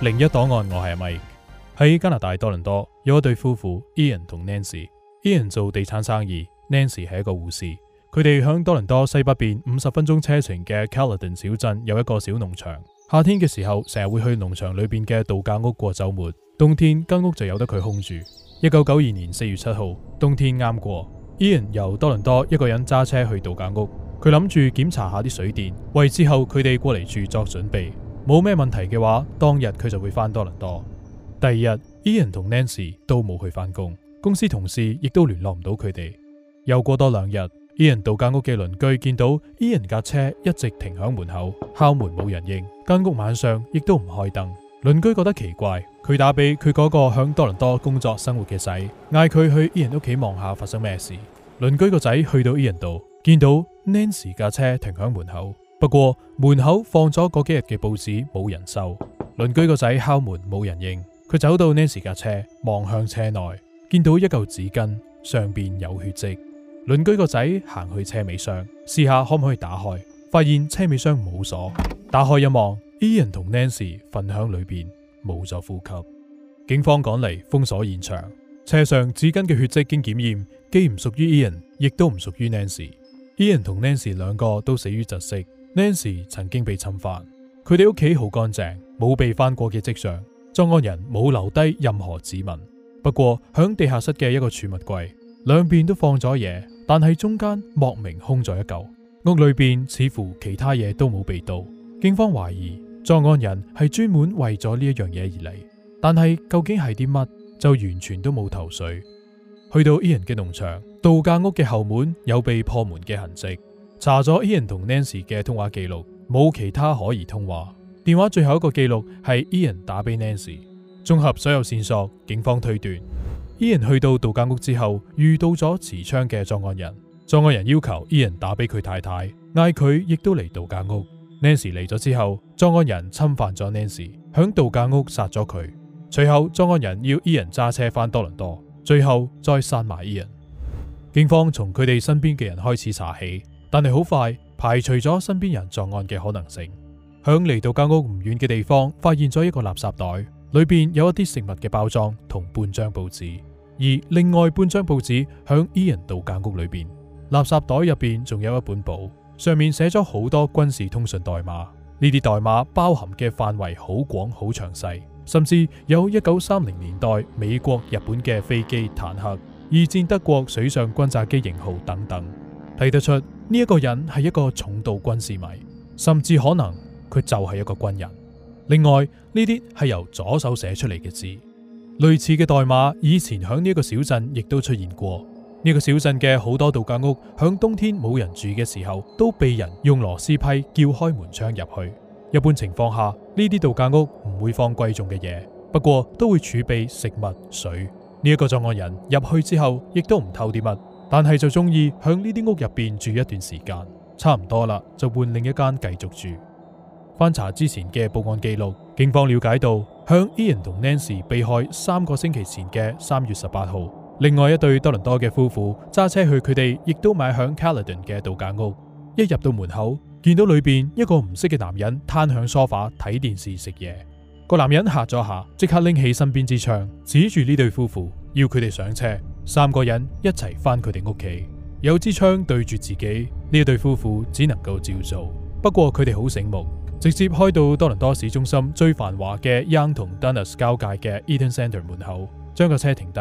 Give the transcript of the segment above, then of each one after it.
另一檔案，我係 Mike，喺加拿大多倫多有一對夫婦 Ian 同 Nancy，Ian 做地產生意，Nancy 係一個護士，佢哋響多倫多西北邊五十分鐘車程嘅 Caledon 小鎮有一個小農場，夏天嘅時候成日會去農場裏邊嘅度假屋過周末，冬天間屋，屋就由得佢空住。一九九二年四月七號，冬天啱過，Ian 由多倫多一個人揸車去度假屋，佢諗住檢查下啲水電，為之後佢哋過嚟住作準備。冇咩問題嘅話，當日佢就會返多倫多。第二日，Ian 同 Nancy 都冇去返工，公司同事亦都聯絡唔到佢哋。又過多兩日，Ian 度假屋嘅鄰居見到 Ian 架車一直停響門口，敲門冇人應，間屋晚上亦都唔開燈。鄰居覺得奇怪，佢打俾佢嗰個響多倫多工作生活嘅仔，嗌佢去 Ian 屋企望下發生咩事。鄰居個仔去到 Ian 度，見到 Nancy 架車停響門口。不過門口放咗嗰幾日嘅報紙，冇人收。鄰居個仔敲門冇人應，佢走到 Nancy 架車，望向車內，見到一嚿紙巾上邊有血跡。鄰居個仔行去車尾箱，試下可唔可以打開，發現車尾箱冇鎖，打開一望，Ian 同 Nancy 瞓喺裏邊冇咗呼吸。警方趕嚟封鎖現場，車上紙巾嘅血跡經檢驗，既唔屬於 Ian 亦都唔屬於 Nancy。Ian 同 Nancy 兩個都死於窒息。Nancy 曾經被侵犯，佢哋屋企好乾淨，冇被翻過嘅跡象。作案人冇留低任何指紋。不過喺地下室嘅一個儲物櫃，兩邊都放咗嘢，但係中間莫名空咗一嚿。屋裏邊似乎其他嘢都冇被盜。警方懷疑作案人係專門為咗呢一樣嘢而嚟，但係究竟係啲乜，就完全都冇頭緒。去到 Ian 嘅農場度假屋嘅後門有被破門嘅痕迹。查咗 Ian 同 Nancy 嘅通話記錄，冇其他可疑通話。電話最後一個記錄係 Ian 打俾 Nancy。綜合所有線索，警方推斷 Ian 去到度假屋之後遇到咗持槍嘅作案人。作案人要求 Ian 打俾佢太太，嗌佢亦都嚟度假屋。Nancy 嚟咗之後，作案人侵犯咗 Nancy，響度假屋殺咗佢。隨後作案人要 Ian 揸車翻多倫多，最後再殺埋 Ian。警方從佢哋身邊嘅人開始查起。但係好快排除咗身邊人作案嘅可能性。響嚟到間屋唔遠嘅地方，發現咗一個垃圾袋，裏邊有一啲食物嘅包裝同半張報紙，而另外半張報紙響伊人度假屋裏邊。垃圾袋入邊仲有一本簿，上面寫咗好多軍事通訊代碼。呢啲代碼包含嘅範圍好廣、好詳細，甚至有一九三零年代美國、日本嘅飛機、坦克、二戰德國水上轟炸機型號等等，睇得出。呢一個人係一個重度軍事迷，甚至可能佢就係一個軍人。另外，呢啲係由左手寫出嚟嘅字，類似嘅代碼以前響呢一個小鎮亦都出現過。呢、這個小鎮嘅好多度假屋響冬天冇人住嘅時候，都被人用螺絲批撬開門窗入去。一般情況下，呢啲度假屋唔會放貴重嘅嘢，不過都會儲備食物、水。呢、這、一個作案人入去之後，亦都唔偷啲乜。但係就中意向呢啲屋入邊住一段時間，差唔多啦就換另一間繼續住。翻查之前嘅報案記錄，警方了解到，向 Ian 同 Nancy 被害三個星期前嘅三月十八號，另外一對多倫多嘅夫婦揸車去佢哋，亦都買響 Caladon 嘅度假屋。一入到門口，見到裏邊一個唔識嘅男人攤響梳化睇電視食嘢。個男人吓咗下，即刻拎起身邊支槍指住呢對夫婦，要佢哋上車。三個人一齊返佢哋屋企，有支槍對住自己呢一對夫婦，只能夠照做。不過佢哋好醒目，直接開到多倫多市中心最繁華嘅 Yonge 同 Dundas 交界嘅 Eaton Centre 門口，將個車停低，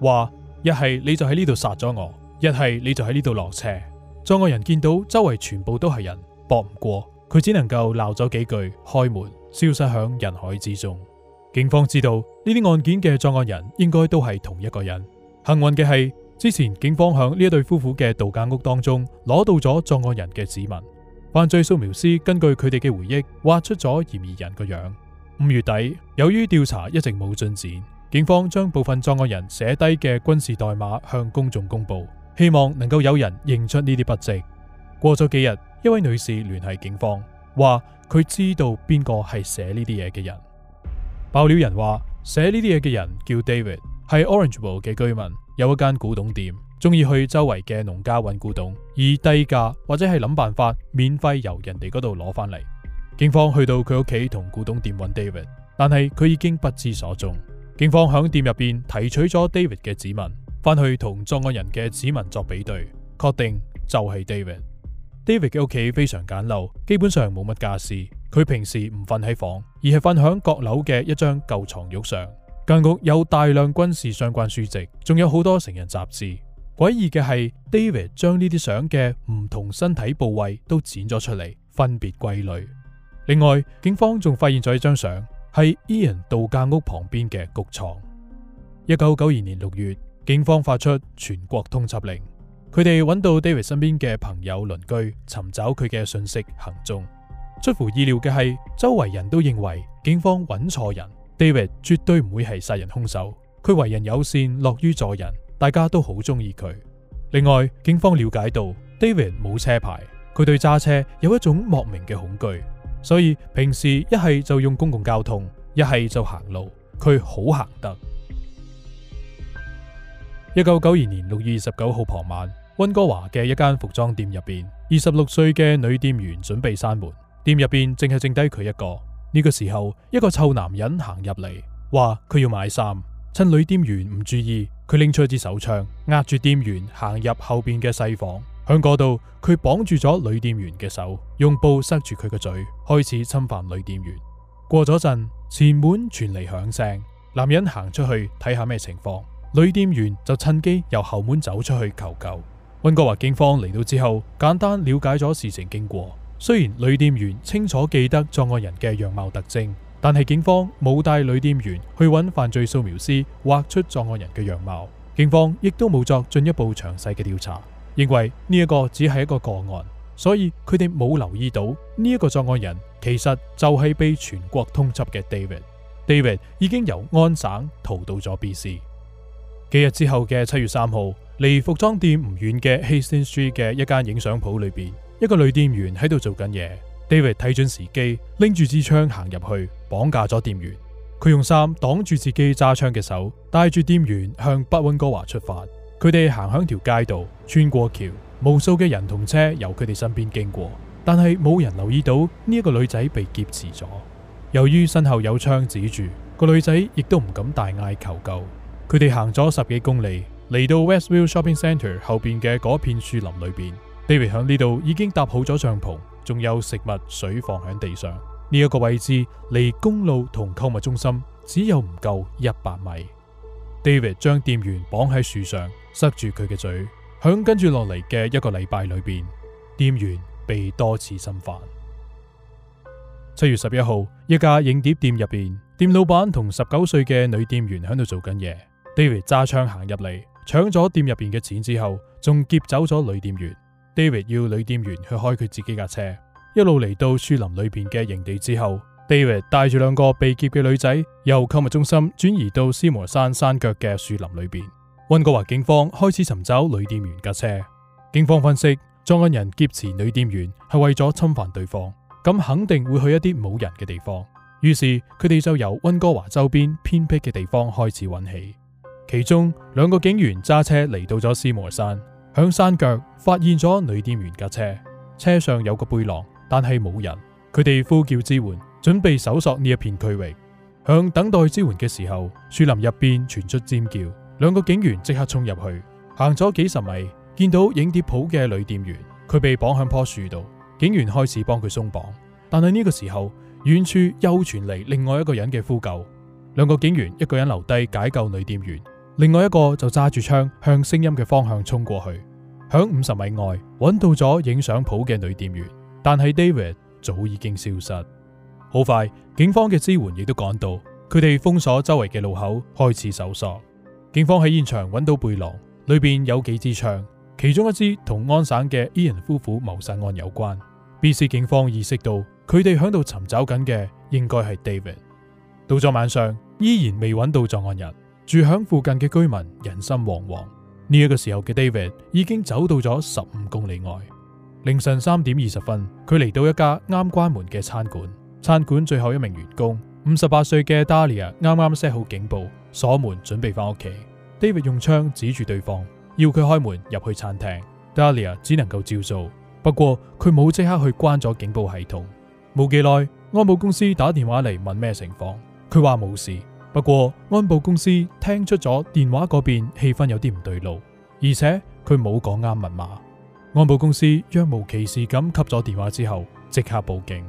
話一係你就喺呢度殺咗我，一係你就喺呢度落車。作案人見到周圍全部都係人，搏唔過佢，只能夠鬧咗幾句，開門消失響人海之中。警方知道呢啲案件嘅作案人應該都係同一個人。幸運嘅係，之前警方響呢一對夫婦嘅度假屋當中攞到咗作案人嘅指紋。犯罪素描師根據佢哋嘅回憶畫出咗嫌疑人個樣。五月底，由於調查一直冇進展，警方將部分作案人寫低嘅軍事代碼向公眾公布，希望能夠有人認出呢啲筆跡。過咗幾日，一位女士聯繫警方，話佢知道邊個係寫呢啲嘢嘅人。爆料人話，寫呢啲嘢嘅人叫 David。係 Orangeville 嘅居民，有一間古董店，中意去周圍嘅農家揾古董，以低價或者係諗辦法免費由人哋嗰度攞翻嚟。警方去到佢屋企同古董店揾 David，但係佢已經不知所蹤。警方響店入邊提取咗 David 嘅指紋，翻去同作案人嘅指紋作比對，確定就係 David。David 嘅屋企非常簡陋，基本上冇乜家私，佢平時唔瞓喺房，而係瞓響閣樓嘅一張舊床褥上。間屋有大量軍事相關書籍，仲有好多成人雜誌。詭異嘅係，David 將呢啲相嘅唔同身體部位都剪咗出嚟，分別歸類。另外，警方仲發現咗一張相，係伊人度假屋旁邊嘅谷床。一九九二年六月，警方發出全國通緝令，佢哋揾到 David 身邊嘅朋友鄰居，尋找佢嘅訊息行蹤。出乎意料嘅係，周圍人都認為警方揾錯人。David 絕對唔會係殺人凶手，佢為人友善，樂於助人，大家都好中意佢。另外，警方了解到 David 冇車牌，佢對揸車有一種莫名嘅恐懼，所以平時一係就用公共交通，一係就行路，佢好行得。一九九二年六月二十九號傍晚，温哥華嘅一間服裝店入邊，二十六歲嘅女店員準備閂門，店入邊淨係剩低佢一個。呢個時候，一個臭男人行入嚟，話佢要買衫。趁女店員唔注意，佢拎出一支手槍，壓住店員，行入後邊嘅細房。響嗰度，佢綁住咗女店員嘅手，用布塞住佢嘅嘴，開始侵犯女店員。過咗陣，前門傳嚟響聲，男人行出去睇下咩情況，女店員就趁機由後門走出去求救。溫哥華警方嚟到之後，簡單了解咗事情經過。雖然女店員清楚記得作案人嘅樣貌特徵，但係警方冇帶女店員去揾犯罪素描師畫出作案人嘅樣貌。警方亦都冇作進一步詳細嘅調查，認為呢一個只係一個個案，所以佢哋冇留意到呢一個作案人其實就係被全國通緝嘅 David。David 已經由安省逃到咗 BC。幾日之後嘅七月三號，離服裝店唔遠嘅 Hastings Street 嘅一間影相鋪裏邊。一個女店員喺度做緊嘢，David 睇準時機，拎住支槍行入去，綁架咗店員。佢用衫擋住自己揸槍嘅手，帶住店員向北温哥華出發。佢哋行響條街道，穿過橋，無數嘅人同車由佢哋身邊經過，但係冇人留意到呢一個女仔被劫持咗。由於身後有槍指住，個女仔亦都唔敢大嗌求救。佢哋行咗十幾公里，嚟到 Westview Shopping Centre 後邊嘅嗰片樹林裏邊。David 響呢度已經搭好咗帳篷，仲有食物水放喺地上。呢一個位置離公路同購物中心只有唔夠一百米。David 將店員綁喺樹上，塞住佢嘅嘴。響跟住落嚟嘅一個禮拜裏邊，店員被多次侵犯。七月十一號，一家影碟店入邊，店老闆同十九歲嘅女店員響度做緊嘢。David 揸槍行入嚟，搶咗店入邊嘅錢之後，仲劫走咗女店員。David 要女店員去開佢自己架車，一路嚟到樹林裏邊嘅營地之後，David 帶住兩個被劫嘅女仔，由購物中心轉移到斯摩山山腳嘅樹林裏邊。溫哥華警方開始尋找女店員架車。警方分析，作案人劫持女店員係為咗侵犯對方，咁肯定會去一啲冇人嘅地方。於是佢哋就由溫哥華周邊偏僻嘅地方開始揾起。其中兩個警員揸車嚟到咗斯摩山。響山腳發現咗女店員架車，車上有個背囊，但係冇人。佢哋呼叫支援，準備搜索呢一片區域。向等待支援嘅時候，樹林入邊傳出尖叫，兩個警員即刻衝入去，行咗幾十米，見到影碟鋪嘅女店員，佢被綁響棵樹度。警員開始幫佢鬆綁，但係呢個時候，遠處又傳嚟另外一個人嘅呼救。兩個警員一個人留低解救女店員，另外一個就揸住槍向聲音嘅方向衝過去。響五十米外揾到咗影相鋪嘅女店員，但係 David 早已經消失。好快，警方嘅支援亦都趕到，佢哋封鎖周圍嘅路口，開始搜索。警方喺現場揾到背囊，裏邊有幾支槍，其中一支同安省嘅伊人夫婦謀殺案有關。B.C. 警方意識到佢哋響度尋找緊嘅應該係 David。到咗晚上，依然未揾到作案人，住響附近嘅居民人心惶惶。呢一個時候嘅 David 已經走到咗十五公里外。凌晨三點二十分，佢嚟到一家啱關門嘅餐館。餐館最後一名員工，五十八歲嘅 Dalia，啱啱 set 好警報，鎖門準備翻屋企。David 用槍指住對方，要佢開門入去餐廳。Dalia 只能夠照做，不過佢冇即刻去關咗警報系統。冇幾耐，安保公司打電話嚟問咩情況，佢話冇事。不過安保公司聽出咗電話嗰邊氣氛有啲唔對路，而且佢冇講啱密碼。安保公司若無其事咁吸咗電話之後，即刻報警。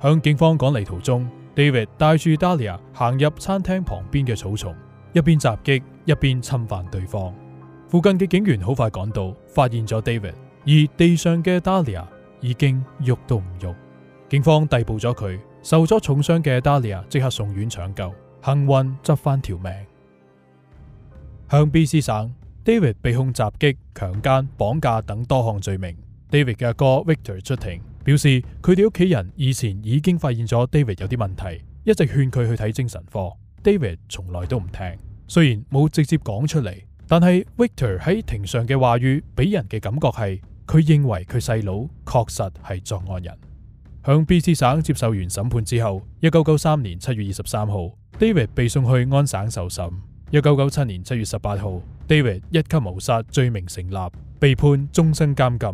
向警方趕嚟途中，David 帶住 Dalia 行入餐廳旁邊嘅草叢，一邊襲擊一邊侵犯對方。附近嘅警員好快趕到，發現咗 David，而地上嘅 Dalia 已經喐都唔喐。警方逮捕咗佢，受咗重傷嘅 Dalia 即刻送院搶救。幸運執翻條命。向 B.C 省，David 被控襲擊、強姦、綁架等多項罪名。David 嘅哥哥 Victor 出庭表示，佢哋屋企人以前已經發現咗 David 有啲問題，一直勸佢去睇精神科。David 從來都唔聽，雖然冇直接講出嚟，但係 Victor 喺庭上嘅話語俾人嘅感覺係，佢認為佢細佬確實係作案人。向 B.C 省接受完審判之後，一九九三年七月二十三號。David 被送去安省受審。一九九七年七月十八號，David 一級謀殺罪名成立，被判終身監禁，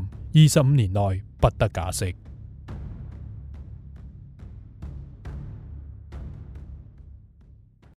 二十五年內不得假釋。